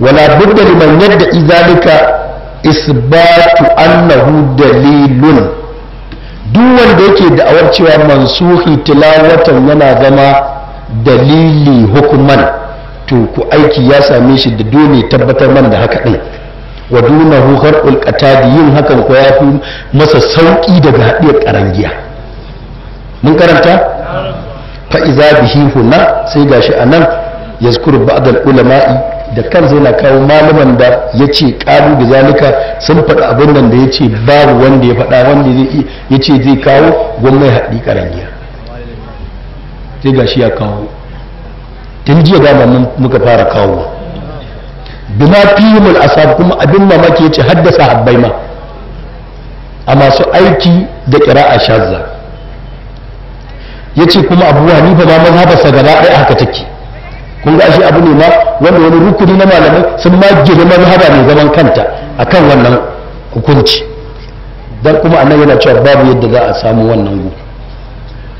wala budda liman yadda izalika isbatu annahu dalilun duk wanda yake da'awar cewa mansuhi tilawatan yana zama dalili hukuman to ku aiki ya same shi da dole tabbatar man da haka din wa dunahu har'ul qatadi yin hakan ko ya fi masa sauki daga hadiyar karangiya mun karanta fa iza bihi huna sai gashi anan yazkuru ba'dal ulama'i da kansa yana kawo malaman da ya ce ƙalu da zalika sun faɗi abin nan da ya ce babu wanda ya faɗa wanda ya ce zai kawo gwamnati haɗi ƙarangiya sai gashi ya kawo tun jiya dama nan muka fara kawo bima fihimul asab kuma abin mamaki ya ce haddasa habbai ma a masu aiki da ƙira'a shazza ya ce kuma abu ba ma mazhabarsa gaba ɗaya haka take kun ga shi abu ne ma wanda wani rukuni na malamai sun ma gina mazhaba mai zaman kanta akan wannan hukunci dan kuma annan yana cewa babu yadda za a samu wannan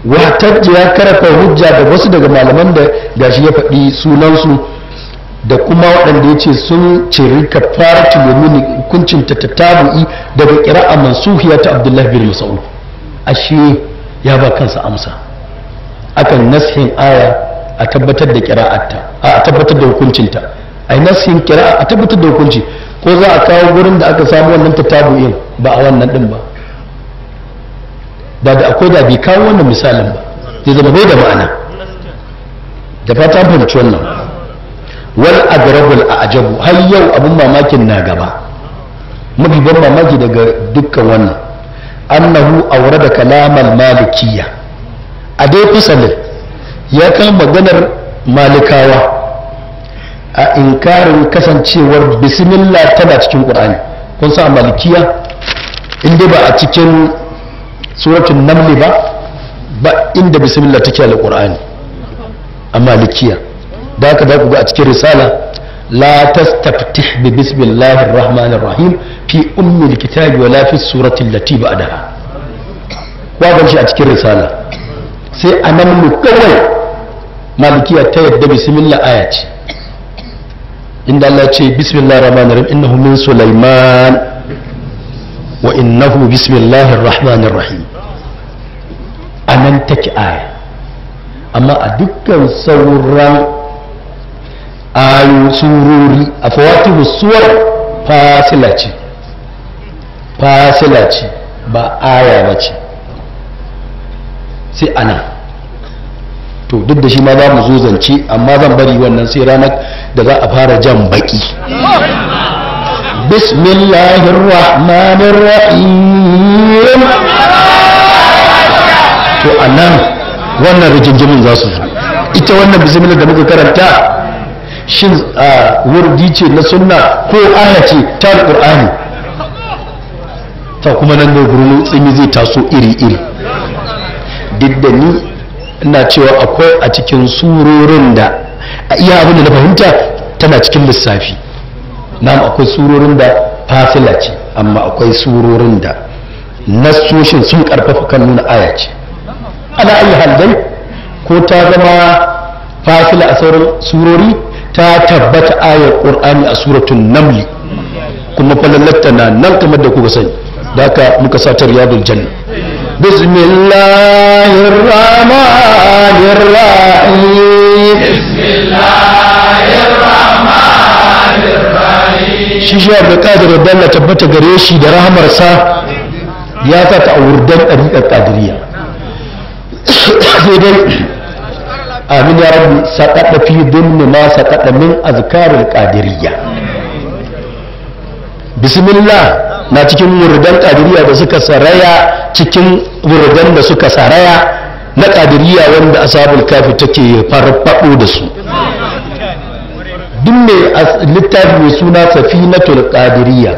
gu da ya karfa hujja da wasu daga malaman da gashi ya faɗi sunansu da kuma waɗanda ya ce sun ciri fara domin hukuncin ta tabu'i daga ƙira'a mansuhiya ta abdullahi bin mas'ud ashe ya ba kansa amsa akan nashin aya a tabbatar da kira'arta a tabbatar da hukuncinta a yi nasin kira'a a tabbatar da hukunci ko za a kawo gurin da aka samu wannan ta tattabu'in ba a wannan din ba da da akwai da bai kawo wannan misalin ba zai zama bai da ma'ana da fata fahimci wannan wal agrabul a ajabu har yau abin mamakin na gaba mafi ban mamaki daga dukkan wannan annahu aure da kalamal malikiya a dai ya kama maganar malikawa a inkarin kasancewar bismillah tana cikin ƙur'ani kun sa malikiya inda ba a cikin suratun namli ba ba inda bismillah take da ƙur'ani a malikiya da aka za ku ga a cikin risala la tastaftih bi bismillahir rahmanir rahim fi ummil kitabi wa la fi suratil lati ba'daha wa ban shi a cikin risala sai a nan mu kawai malikiya ta yadda bismillah aya ce inda Allah ce bismillahir rahmanir rahim innahu min sulaiman wa innahu bismillahir rahmanir rahim anan take aya amma a dukkan sauran ayu sururi a fawatihu suwar fasila ce fasila ce ba aya ba ce sai ana to duk da shi ma za mu zo zance amma zan bari wannan sai ranar da za a fara jan baki bismillahirrahmanirrahim To a to anan wannan rigingimin za su zo ita wannan bismillah da muka karanta shin wurdi ce na sunna ko aya ce ta Al-ƙur'ani? ta kuma nan da gurin tsimi zai taso iri iri duk da ni ina cewa akwai a cikin surorin da a iya abin da na fahimta tana cikin lissafi na akwai surorin da fasila ce amma akwai surorin da nasoshin sun karfafa kan nuna aya ce ana ayi haldai ko ta zama fasila a sauran surori ta tabbata ayar ƙur'ani a suratun namli kuma falalatta na nan kamar da kuka sani da aka muka satar yadin janna بسم الله الرحمن الرحيم بسم الله الرحمن الرحيم شي جاب القادر بالله تبت غريشي ده رحمر سا يا تا وردن طريقه قادريه امين يا رب ساتقى في دم ما ساتقى من اذكار القادريه bismillah na cikin wurdan kadiriya da suka saraya cikin wurdan da suka saraya na kadiriya wanda asabul kafi take farfado da su duk mai littafi mai suna safinatul kadiriya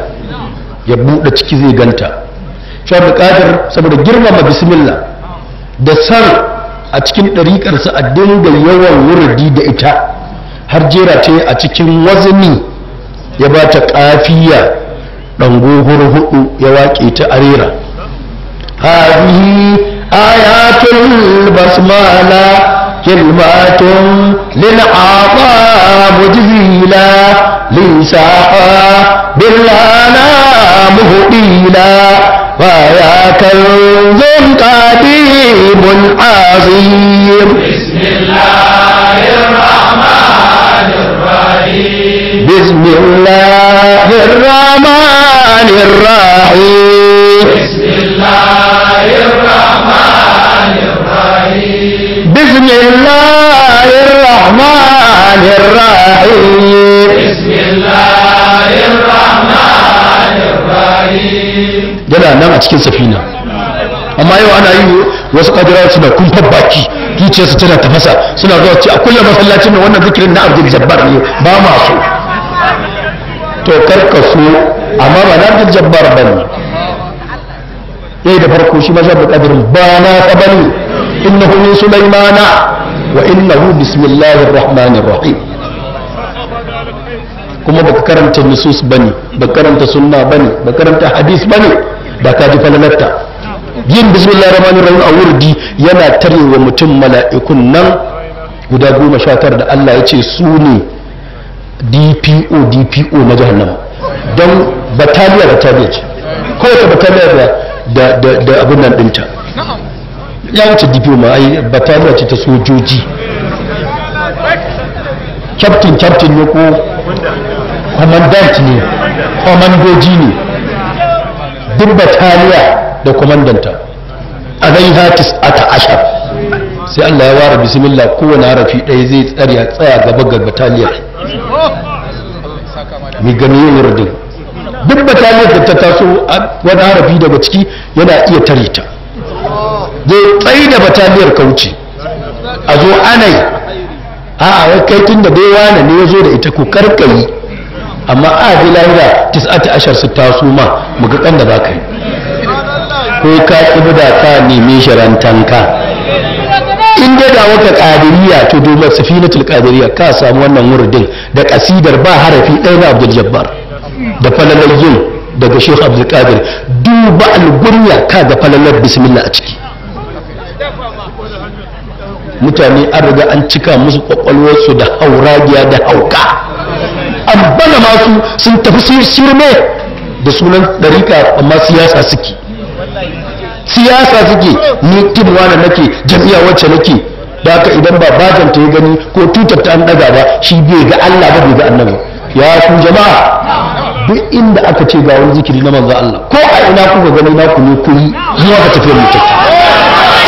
ya bude ciki zai ganta shawar kadir saboda girmama bismillah da san a cikin ɗariƙarsa a dinga yawan wurdi da ita har jera ce a cikin wazini ya ba ta kafiya. guhur hudu ya waƙe ta arera hadihi ayatul basmala kilmatun lil aqa mujzila bil billana muhdila wa ya kanzun qadimun azim ana yi wasu kadirawa suna kumfar baki su tana tafasa suna zuwa ce a kulle masallacin da wannan zikirin na abdul jabbar ne ba ma to karka so amma ba na abdul jabbar ba ne yayi da farko shi mazhabul kadirin ba na ka bane innahu min sulaymana wa innahu bismillahir rahmanir rahim kuma baka karanta nusus bane ba karanta sunna bane ba karanta hadis bane da ka ji falalarta yin bismillah rahmanir rahim a wurdi yana tare wa mutum mala'ikun nan guda goma sha tara da Allah ya ce su ne DPO DPO na jahannama don bataliya bataliya ce kowace bataliya da da da abin nan dinta ya wuce DPO ma ai bataliya ce ta sojoji captain captain ne ko commandant ne commandoji ne duk bataliya da kwamandanta a nan hatis aka ashar sai allah ya ware bismillah kowane harafi ɗaya zai tsari a tsaya gaba ga bataliyar mai gani yin wurdin duk bataliyar da ta taso wani harafi daga ciki yana iya tare ta zai tsayi da bataliyar kauce a zo anai a a wakaikin da bai wane ne ya zo da ita ko karkayi amma a ji lahira tis'ata ashar su taso ma muga kan da za ka yi ko ka da ka neme shi rantanka in dai ga wata qadiriyya to duba safinatul qadiriyya ka samu wannan wurdin da kasidar ba harafi ɗaya na Abdul Jabbar da falalayyun daga Sheikh Abdul Qadir duba al-gunya ka ga falalar bismillah a ciki mutane an riga an cika musu kwakwalwarsu da hauragiya da hauka an bana masu sun tafi sirme da sunan ɗarika amma siyasa suke siyasa suke ni tim wani nake jami'a wacce nake da haka idan ba bajan ta ya gani ko tutar ta an daga ba shi bai ga Allah ba bai ga annabi ya ku jama'a duk inda aka ce ga wani zikiri na manzo Allah ko a ina kuka gani na ku ne ku yi zuwa ka tafiyar mu take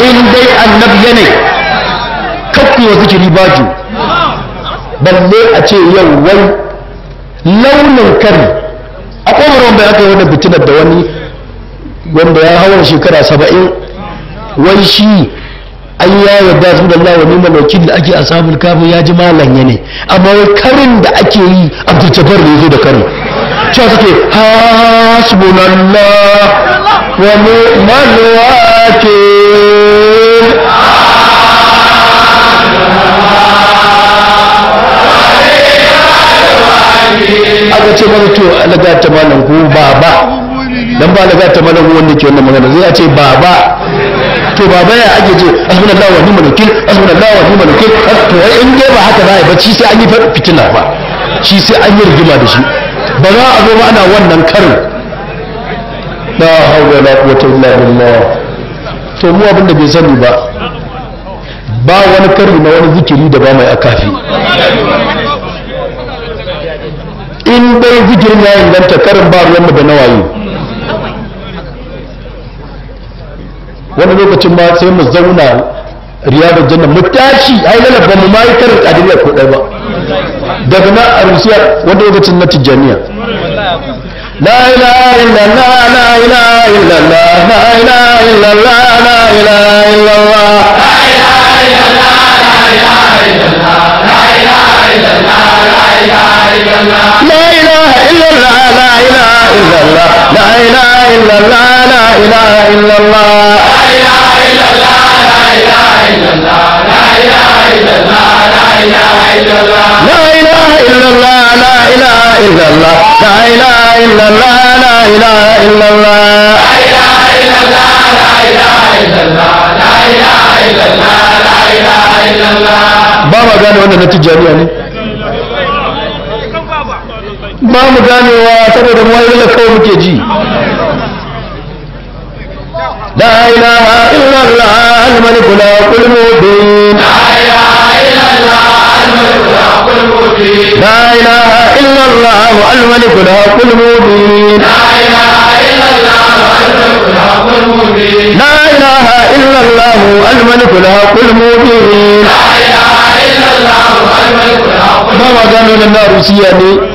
in dai annabi yana kakku wa zikiri baju balle a ce yau wai launin kari akwai wani wanda aka yi wani fitinar da wani wanda ya hawar shekara saba'in wai shi an ya yarda su da Allah wa neman wakil da ake asabul kafa ya ji malam ya ne amma wai karin da ake yi abdul jabbar ne zo da karin cewa suke hasbunallah wa ni'mal wakil aka ce mana to alaga ta malam ko baba dan ba laga ta malamu wanda ke wannan magana zai ce baba to baba ya ake ce asbunallahu wa ni'mal wakil asbunallahu wa ni'mal wakil to wai in dai ba haka ba ba shi sai an yi fitina ba shi sai an yi rigima da shi ba za a zo ba ana wannan karin la hawla la quwwata illa billah to mu abinda bai sani ba ba wani kari na wani zikiri da ba mai akafi in dai zikirin ya inganta karin ba ruwanmu da nawayi wani lokacin ba sai mu zauna riyadar janna mu tashi ai ba mu mai yi karin ko dai ba daga na arusiya wani lokacin na tijjaniya la ilaha illallah la ilaha illallah la ilaha illallah la ilaha illallah la ilaha illallah la ilaha illallah la ilaha illallah la ilaha illallah la ilaha illallah la ilaha illallah la ilaha illallah la ilaha illallah ba mu gane wannan na tijjaniya ne ba mu ganewa saboda mu wani lalaka muke ji la ilaha illallah الملك لا كل مدين لا إله إلا الله الملك لا كل مدين لا إله إلا الله الملك لا كل مدين لا إله إلا الله الملك لا كل مدين لا إله إلا الله الملك لا كل مدين الله الملك من النار سيئة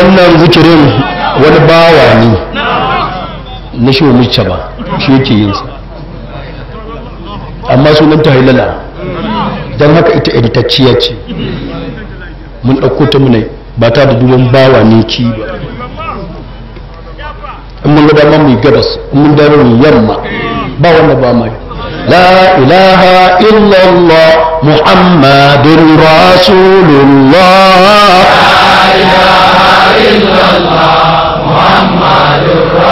wannan zikirin wani bawa ne na shi wani ba shi yake yin sa amma sunan ta hilala don haka ita editacciya ce mun ɗauko ta munai ba ta da duban bawa ne ki ba in mun ga dama mai gabas in mun dama mai yamma ba wanda ba mai لا إله إلا الله محمد رسول الله لا إله إلا الله محمد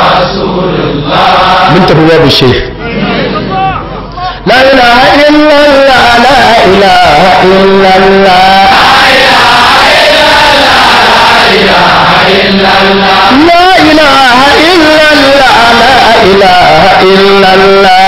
رسول الله من تبواب الشيخ لا إله إلا الله لا إله إلا الله لا إله إلا الله لا إله إلا الله لا إله إلا الله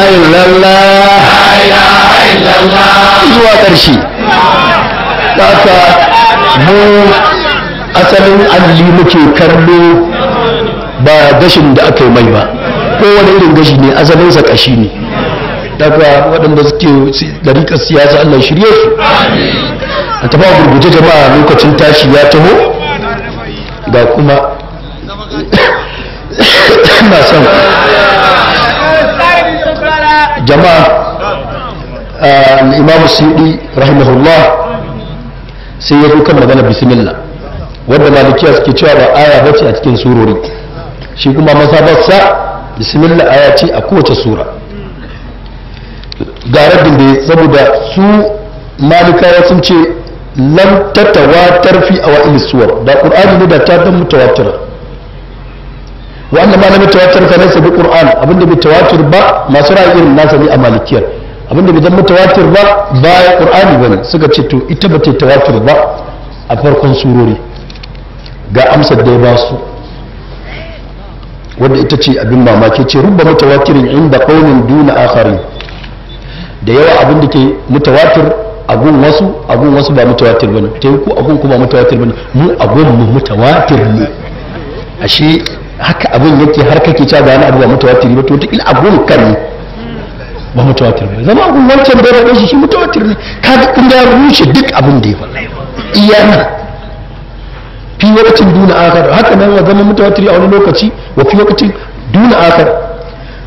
zuwa ƙarshe haka mu asalin alli muke kallo ba gashin da aka yi mai ba kowane irin gashi ne asalinsa ƙashi ne daga waɗanda suke dariƙar siyasa allah shirye su a tafa gurguje jama'a lokacin tashi ya taho ga kuma na son jama'a al-imam um, suyudi rahimahullah sai ya zo kan magana bismillah wanda malikiya suke cewa ba aya bace a cikin surori shi kuma masabarsa bismillah aya ce a kowace sura Gara rabin saboda su malikawa sun ce lam tatawatar fi awa'il suwar da qur'ani ne da ta dan mutawatir wa annama lam tatawatar fa laysa bi qur'an abinda bai tawatur ba masu ra'ayin nasa bi a malikiyar abinda bai zama tawatur ba baya qur'ani bane suka ce to ita ba ta tawatir ba a farkon surori ga amsar da ya ba su wadda ita ce abin mamaki ce rubba mutawatirin inda qaumin duna akharin da yawa abin da ke mutawatir abun wasu abun wasu ba mutawatir bane tayi ku abun ku ba mutawatir bane mu abun mu mutawatir ne ashe haka abin yake har kake cewa ga wani abu ba mutawatir ba to ta agun kan ne ba mutawatir ba zama kun wancan da ya shi shi mutawatir ne ga kun ya rushe duk abin da ya faɗa iyana fi wakatin duna akar haka nan wa zama mutawatir a wani lokaci wa fi wakatin duna akar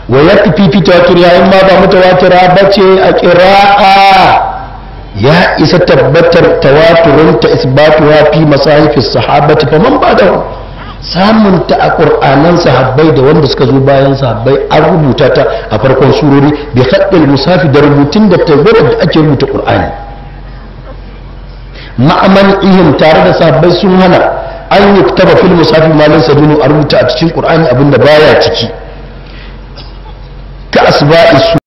wa ya fi fi tawatir ya in ma ba mutawatir ba ce a qira'a ya isa tabbatar tawaturin ta wa fi masahifis sahabati fa man ba da samun ta a ƙur'anan sahabbai da wanda suka zo bayan sahabbai an rubuta ta a farkon surori bi haɗin musafi da rubutun da tabbata da ake rubuta ƙur'ani ma'aman ihim tare da sahabbai sun hana an yi taba fil musafi malin sabinu a rubuta a cikin ƙur'ani abinda baya ciki ka asba'i